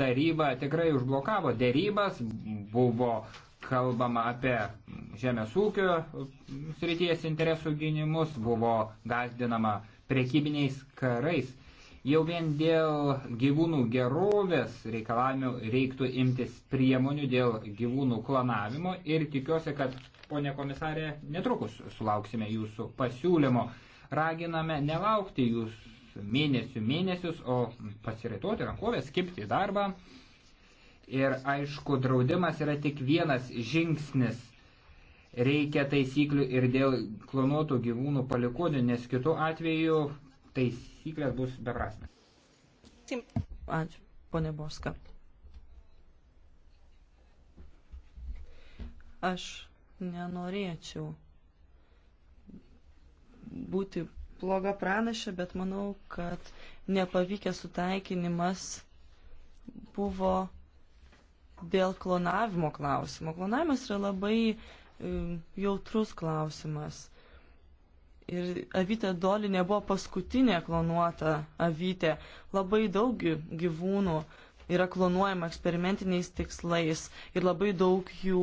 taryba tikrai užblokavo dėrybas, buvo kalbama apie žemės ūkio srities interesų gynimus, buvo gazdinama prekybiniais karais. Jau vien dėl gyvūnų gerovės reikalavimų reiktų imtis priemonių dėl gyvūnų klonavimo ir tikiuosi, kad, ponė komisarė, netrukus sulauksime jūsų pasiūlymo. Raginame nelaukti jūs mėnesių mėnesius, o pasiraitoti rankovės, kipti į darbą. Ir aišku, draudimas yra tik vienas žingsnis reikia taisyklių ir dėl klonuotų gyvūnų palikonių, nes kitų atveju taisyklės bus beprasmės. Ačiū, ponė Boska. Aš nenorėčiau būti bloga pranašė, bet manau, kad nepavykęs sutaikinimas buvo dėl klonavimo klausimo. Klonavimas yra labai e, jautrus klausimas. Ir avytė Doli nebuvo paskutinė klonuota avytė. Labai daug gyvūnų yra klonuojama eksperimentiniais tikslais ir labai daug jų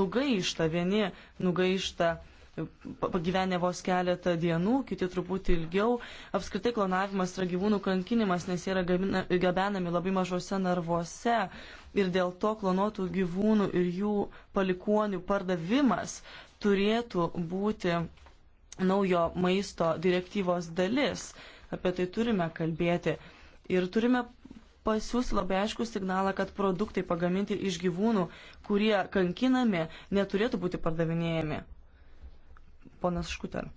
nugaišta. Vieni nugaišta pagyvenę vos keletą dienų, kiti truputį ilgiau. Apskritai klonavimas yra gyvūnų kankinimas, nes jie yra gamina, gabenami labai mažose narvuose ir dėl to klonuotų gyvūnų ir jų palikonių pardavimas turėtų būti naujo maisto direktyvos dalis. Apie tai turime kalbėti. Ir turime pasiūs labai aišku signalą, kad produktai pagaminti iš gyvūnų, kurie kankinami, neturėtų būti pardavinėjami. Ponas Škuter.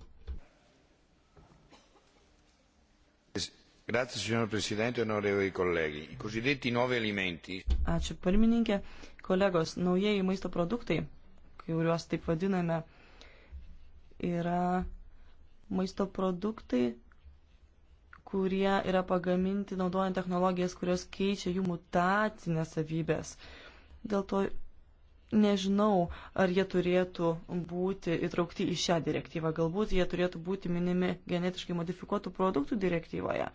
Grazie, signor Presidente, onorevoli colleghi. I cosiddetti nuovi alimenti. Ačiū, pirmininkė. Kolegos, naujieji maisto produktai, kuriuos taip vadiname, yra maisto produktai, kurie yra pagaminti naudojant technologijas, kurios keičia jų mutacinės savybės. Dėl to nežinau, ar jie turėtų būti įtraukti į šią direktyvą. Galbūt jie turėtų būti minimi genetiškai modifikuotų produktų direktyvoje.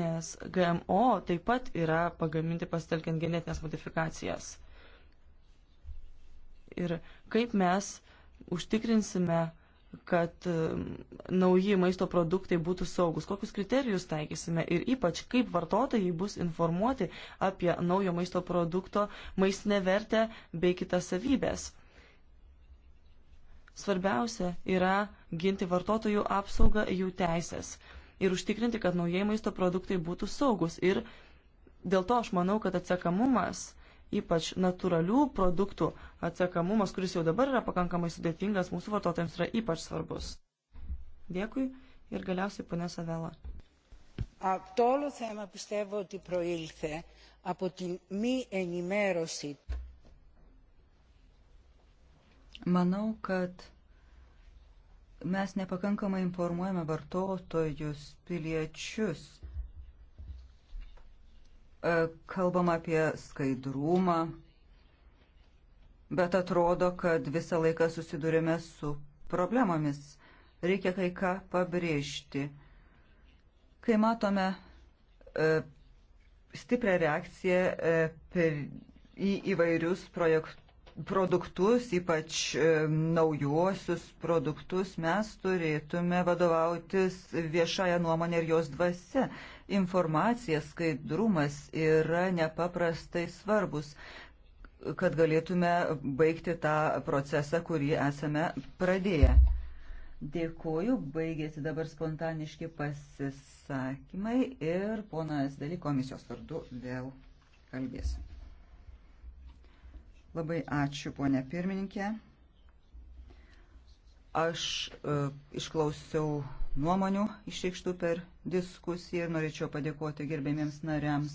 Nes GMO taip pat yra pagaminti pasitelkiant genetinės modifikacijas ir kaip mes užtikrinsime, kad um, nauji maisto produktai būtų saugus, kokius kriterijus taikysime ir ypač kaip vartotojai bus informuoti apie naujo maisto produkto maistinę vertę bei kitas savybės. Svarbiausia yra ginti vartotojų apsaugą jų teisės ir užtikrinti, kad naujai maisto produktai būtų saugus. Ir dėl to aš manau, kad atsekamumas ypač natūralių produktų atsekamumas, kuris jau dabar yra pakankamai sudėtingas, mūsų vartotojams yra ypač svarbus. Dėkui ir galiausiai ponė Savela. Το όλο θέμα πιστεύω ότι προήλθε από τη μη ενημέρωση. Manau, kad mes nepakankamai informuojame vartotojus, piliečius E, kalbam apie skaidrumą, bet atrodo, kad visą laiką susidurėme su problemomis. Reikia kai ką pabrėžti. Kai matome e, stiprią reakciją e, į įvairius projektus, produktus, ypač naujuosius produktus, mes turėtume vadovautis viešąją nuomonę ir jos dvasia informacija, skaidrumas yra nepaprastai svarbus, kad galėtume baigti tą procesą, kurį esame pradėję. Dėkuoju, baigėsi dabar spontaniški pasisakymai ir ponas Daly komisijos vardu vėl kalbės. Labai ačiū, ponė pirmininkė. Aš uh, išklausiau nuomonių išreikštų per diskusiją ir norėčiau padėkoti gerbėmiems nariams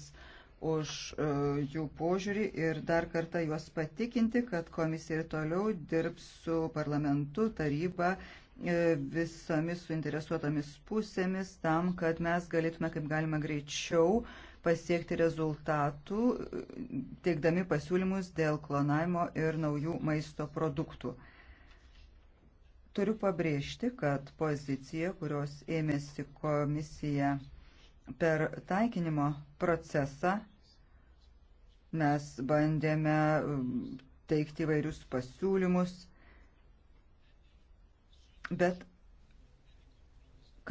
už e, jų požiūrį ir dar kartą juos patikinti, kad komisija ir toliau dirbs su parlamentu, taryba, e, visomis suinteresuotomis pusėmis tam, kad mes galėtume kaip galima greičiau pasiekti rezultatų, e, teikdami pasiūlymus dėl klonavimo ir naujų maisto produktų. Turiu pabrėžti, kad pozicija, kurios ėmėsi komisija per taikinimo procesą, mes bandėme um, teikti vairius pasiūlymus, bet,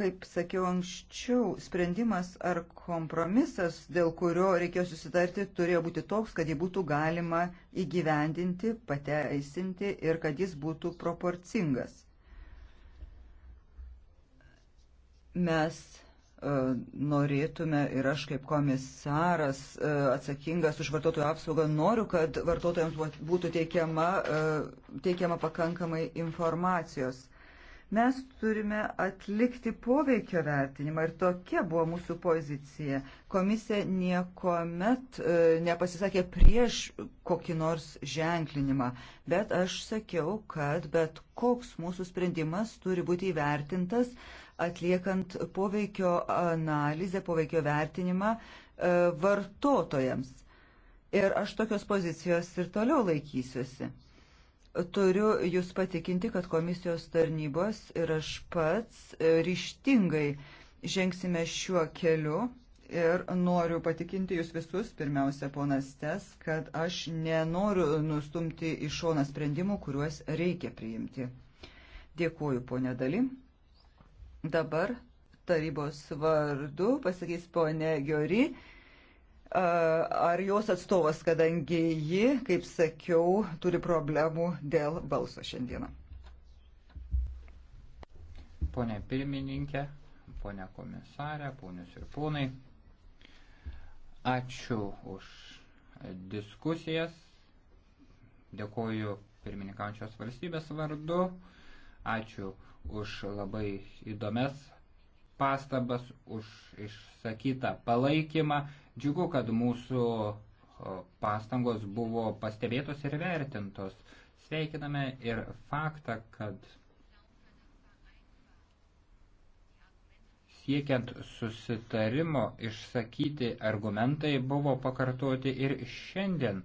kaip sakiau anksčiau, sprendimas ar kompromisas, dėl kurio reikėjo susitarti, turėjo būti toks, kad jį būtų galima įgyvendinti, pateisinti ir kad jis būtų proporcingas. Mes e, norėtume ir aš kaip komisaras e, atsakingas už vartotojų apsaugą noriu, kad vartotojams būtų teikiama, e, teikiama pakankamai informacijos. Mes turime atlikti poveikio vertinimą ir tokia buvo mūsų pozicija. Komisija niekuomet nepasisakė prieš kokį nors ženklinimą, bet aš sakiau, kad bet koks mūsų sprendimas turi būti įvertintas atliekant poveikio analizę, poveikio vertinimą e, vartotojams. Ir aš tokios pozicijos ir toliau laikysiuosi. Turiu Jūs patikinti, kad komisijos tarnybos ir aš pats e, ryštingai žengsime šiuo keliu ir noriu patikinti Jūs visus, pirmiausia, ponas Tes, kad aš nenoriu nustumti į šoną sprendimų, kuriuos reikia priimti. Dėkuoju, ponė Dalim. Dabar tarybos vardu pasakys ponė Giori ar jos atstovas, kadangi ji, kaip sakiau, turi problemų dėl balso šiandieną. Pone pirmininkė, pone komisarė, ponius ir ponai, ačiū už diskusijas, dėkoju pirmininkančios valstybės vardu, ačiū už labai įdomias pastabas, už išsakytą palaikymą. Džiugu, kad mūsų pastangos buvo pastebėtos ir vertintos. Sveikiname ir faktą, kad siekiant susitarimo išsakyti argumentai buvo pakartoti ir šiandien.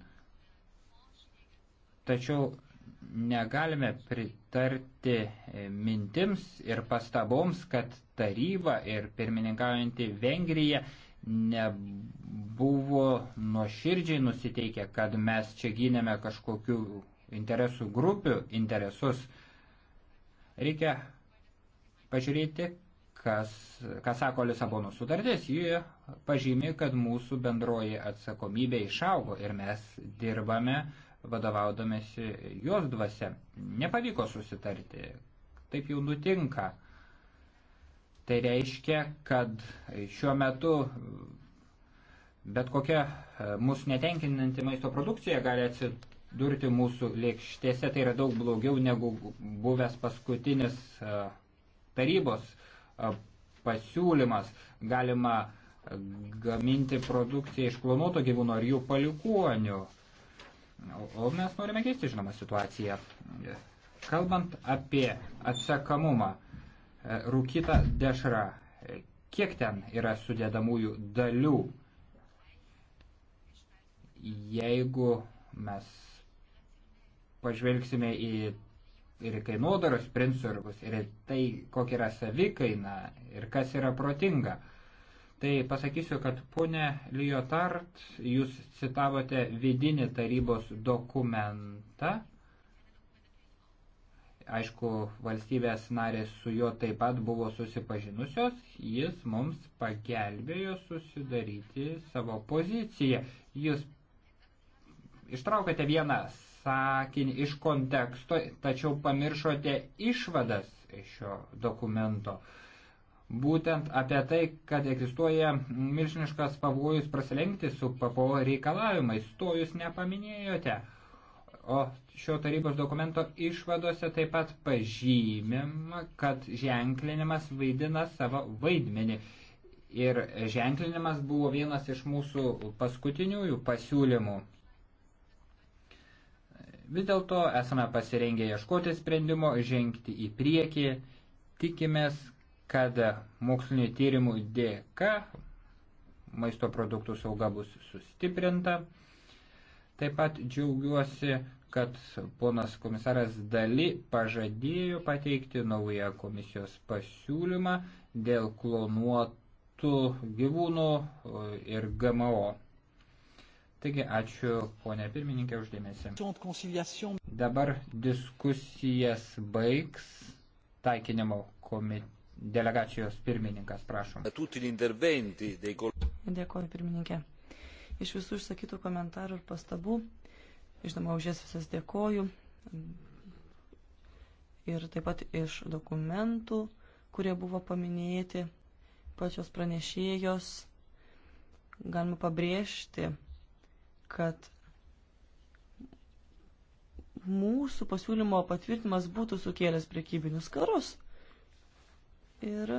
Tačiau negalime pri, pritarti e, mintims ir pastaboms, kad taryba ir pirmininkaujantį Vengriją nebuvo nuoširdžiai nusiteikę, kad mes čia gynėme kažkokių interesų grupių interesus. Reikia pažiūrėti, kas, ką sako Lisabono sutartis, ji pažymi, kad mūsų bendroji atsakomybė išaugo ir mes dirbame uh, vadovaudomėsi jos dvasia. Nepavyko susitarti. Taip jau nutinka. Tai reiškia, kad šiuo metu bet kokia e, mūsų netenkinanti maisto produkcija gali atsidurti mūsų lėkštėse. Tai yra daug blogiau negu buvęs paskutinis e, tarybos e, pasiūlymas. Galima gaminti produkciją iš klonuoto gyvūno ar jų palikuonių. O mes norime keisti, žinoma, situaciją. Kalbant apie atsekamumą, e, rūkyta dešra, e, kiek ten yra sudėdamųjų dalių, jeigu mes pažvelgsime į ir į kainodaros principus, ir į tai, kokia yra savikaina, ir kas yra protinga. Tai pasakysiu, kad ponė Liotart, jūs citavote vidinį tarybos dokumentą. Aišku, valstybės narės su juo taip pat buvo susipažinusios, jis mums pagelbėjo susidaryti savo poziciją. Jūs ištraukate vieną sakinį iš konteksto, tačiau pamiršote išvadas iš šio dokumento. Uh, būtent apie tai, kad egzistuoja milžiniškas pavojus prasilenkti su PPO reikalavimais. To jūs nepaminėjote. O šio tarybos dokumento išvadose taip pat pažymima, kad ženklinimas vaidina savo vaidmenį. Ir ženklinimas buvo vienas iš mūsų paskutiniųjų pasiūlymų. Vis dėlto esame pasirengę ieškoti sprendimo, žengti į priekį, tikimės, kad mokslinio tyrimų dėka maisto produktų sauga bus sustiprinta. Taip pat džiaugiuosi, kad ponas komisaras Dali pažadėjo pateikti naują komisijos pasiūlymą dėl klonuotų gyvūnų ir GMO. Taigi ačiū ponė pirmininkė uždėmesi. Dabar diskusijas baigs taikinimo komitetas delegacijos pirmininkas, prašom. Dėkoju, pirmininkė. Iš visų išsakytų komentarų ir pastabų, žinoma, už jas visas dėkoju. Ir taip pat iš dokumentų, kurie buvo paminėti, pačios pranešėjos, galima pabrėžti, kad mūsų pasiūlymo patvirtimas būtų sukėlęs priekybinius karus Ir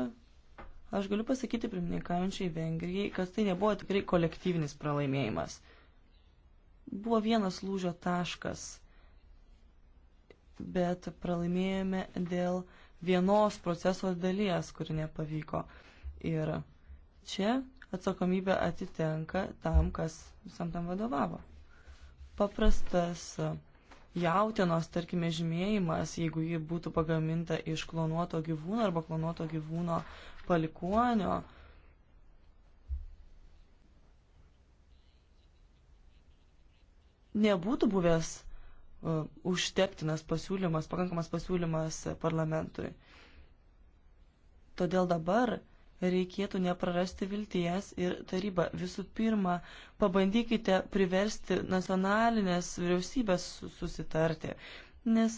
aš galiu pasakyti pirmininkaujančiai Vengrijai, kad tai nebuvo tikrai kolektyvinis pralaimėjimas. Buvo vienas lūžio taškas, bet pralaimėjome dėl vienos proceso dalies, kuri nepavyko. Ir čia atsakomybė atitenka tam, kas visam tam vadovavo. Paprastas uh, jautienos, tarkime, žymėjimas, jeigu ji būtų pagaminta iš klonuoto gyvūno arba klonuoto gyvūno palikuonio. Nebūtų buvęs uh, e, užtektinas pasiūlymas, pakankamas pasiūlymas parlamentui. Todėl dabar reikėtų neprarasti vilties ir taryba. Visų pirma, pabandykite priversti nacionalinės vyriausybės susitarti, nes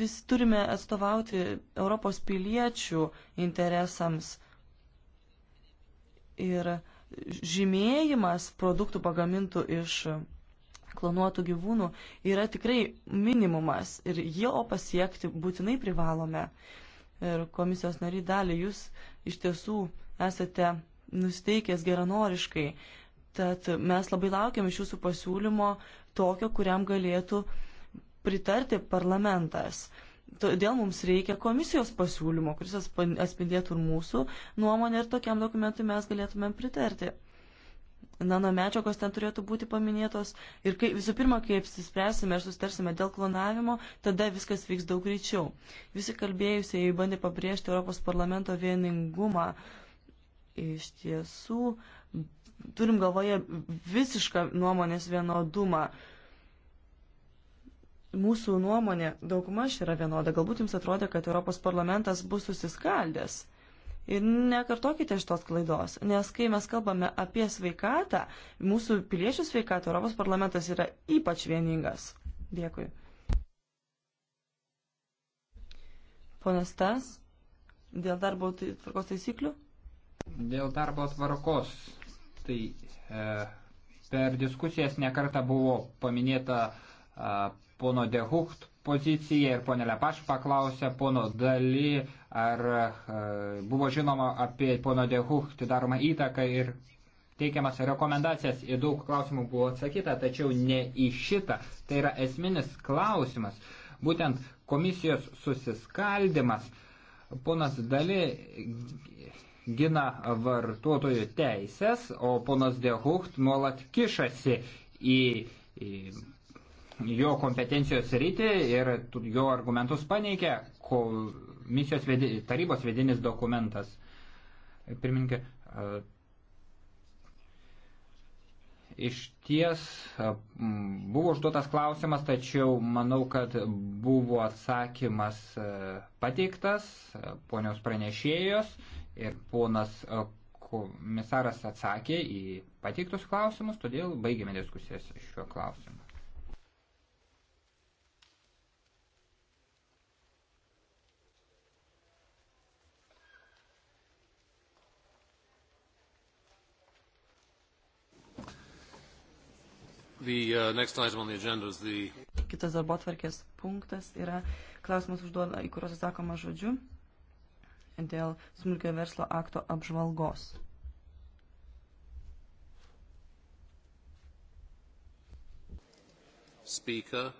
vis turime atstovauti Europos piliečių interesams. Ir žymėjimas produktų pagamintų iš klonuotų gyvūnų yra tikrai minimumas ir jo pasiekti būtinai privalome. Uh, ir komisijos nariai dalį, jūs iš tiesų esate nusteikęs geranoriškai. Tad mes labai laukiam iš jūsų pasiūlymo tokio, kuriam galėtų pritarti parlamentas. Todėl mums reikia komisijos pasiūlymo, kuris atspindėtų ir mūsų nuomonę ir tokiam dokumentui mes galėtumėm pritarti nanomedžiagos ten turėtų būti paminėtos. Ir kai, visų pirma, kai apsispręsime ir sustarsime dėl klonavimo, tada viskas vyks daug greičiau. Visi kalbėjusieji bandė pabrėžti Europos parlamento vieningumą. Iš tiesų, turim galvoje visišką nuomonės vienodumą. Mūsų nuomonė daugmaž yra vienoda. Galbūt jums atrodo, kad Europos parlamentas bus susiskaldęs. Ir nekartokite šitos klaidos, nes kai mes kalbame apie sveikatą, mūsų piliečių sveikatą, Europos parlamentas yra ypač vieningas. Dėkui. Ponas Tas, dėl darbo tai- tvarkos taisyklių? Dėl darbo tvarkos. Tai e, per diskusijas nekarta buvo paminėta e, pono Dehucht poziciją ir ponė Lepaš paklausė pono Dali, ar e, buvo žinoma apie pono Dehucht daromą įtaką ir teikiamas rekomendacijas. Į daug klausimų buvo atsakyta, tačiau ne į šitą. Tai yra esminis klausimas. Būtent komisijos susiskaldimas. Ponas Dali gina vartotojų teisės, o ponas Dehucht nuolat kišasi į, į jo kompetencijos rytį ir jo argumentus paneigia komisijos vedi, tarybos vidinis dokumentas. Pirminkė, iš ties buvo užduotas klausimas, tačiau manau, kad buvo atsakymas pateiktas ponios pranešėjos ir ponas komisaras atsakė į pateiktus klausimus, todėl baigėme diskusijas šiuo klausimu. The, uh, the... Kitas darbo atvarkės punktas yra klausimas užduoda, į kuriuos atsakoma žodžiu dėl smulkio verslo akto apžvalgos. Speaker.